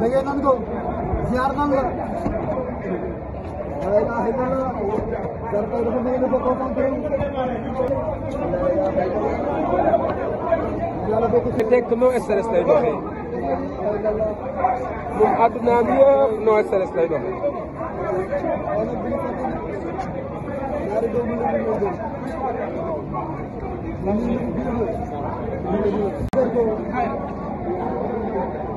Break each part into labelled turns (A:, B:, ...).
A: ಬೆಗೆ ನಮ್ದು ಯಾರು ನಮ್ಗೆ ಸರ್ಕಾರದ ಮೇಲೆ tek no SRS lay doxe mom aduna bi yëpp no SRS lay doxe ñaari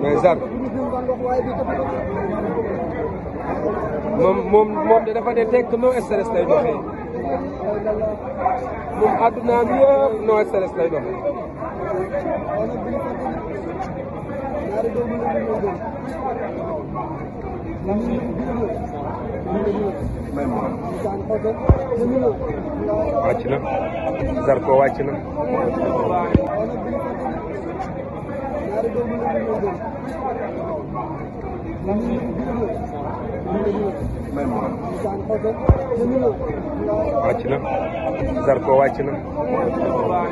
A: ndeysaan moom moom moom de dafa ne tekk no stress lay doxee moom àddunaam yëpp no stress lay doxee wàcc na Zarko wàcc na wàcc na Zarko wàcc na